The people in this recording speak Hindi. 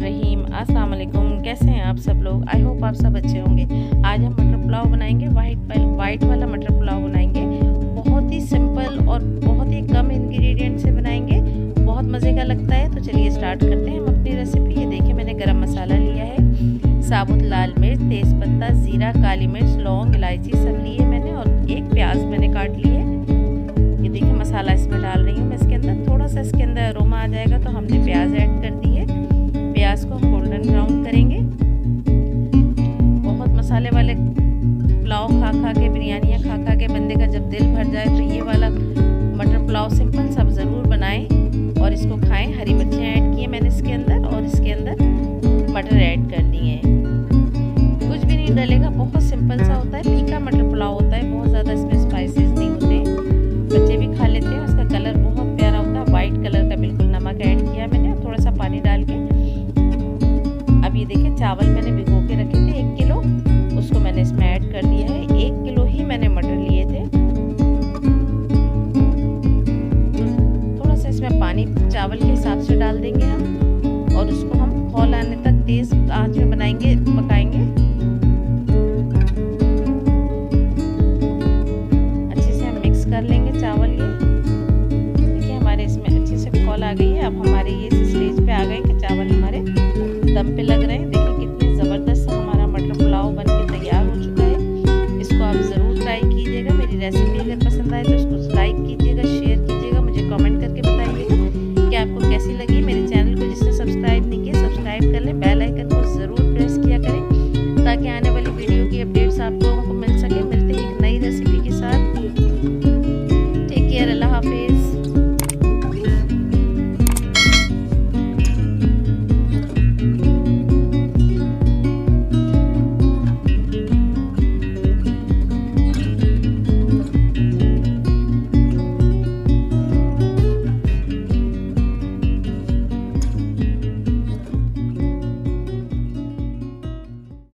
रहीम अस्सलाम वालेकुम कैसे हैं आप सब लोग आई होप आप सब अच्छे होंगे आज हम मटर पुलाव बनाएंगे वाइट वाइट वाला मटर पुलाव बनाएंगे बहुत ही सिंपल और बहुत ही कम इंग्रेडिएंट से बनाएंगे बहुत मज़े का लगता है तो चलिए स्टार्ट करते हैं हम अपनी रेसिपी ये देखिए मैंने गरम मसाला लिया है साबुत लाल मिर्च तेज़ ज़ीरा काली मिर्च लौंग इलायची सब लिए मैं राउंड करेंगे बहुत मसाले वाले पुलाव खा खा के बिरयानियाँ खा खा के बंदे का जब दिल भर जाए तो ये वाला मटर पुलाव सिंपल सब ज़रूर बनाएं और इसको खाएं हरी मिर्चियाँ ऐड किए मैंने इसके अंदर और इसके अंदर मटर ऐड कर दिए हैं कुछ भी नहीं डलेगा बहुत सिंपल सा होता है फीका मटर पुलाव होता है बहुत ज़्यादा इसमें चावल मैंने भिगो के रखे थे एक किलो उसको मैंने इसमें ऐड कर दिया है एक किलो ही मैंने मटर लिए थे थोड़ा सा इसमें पानी चावल के हिसाब से डाल देंगे हम और उसको हम खोल आने Bildirimleri basın ve dostunuz like it.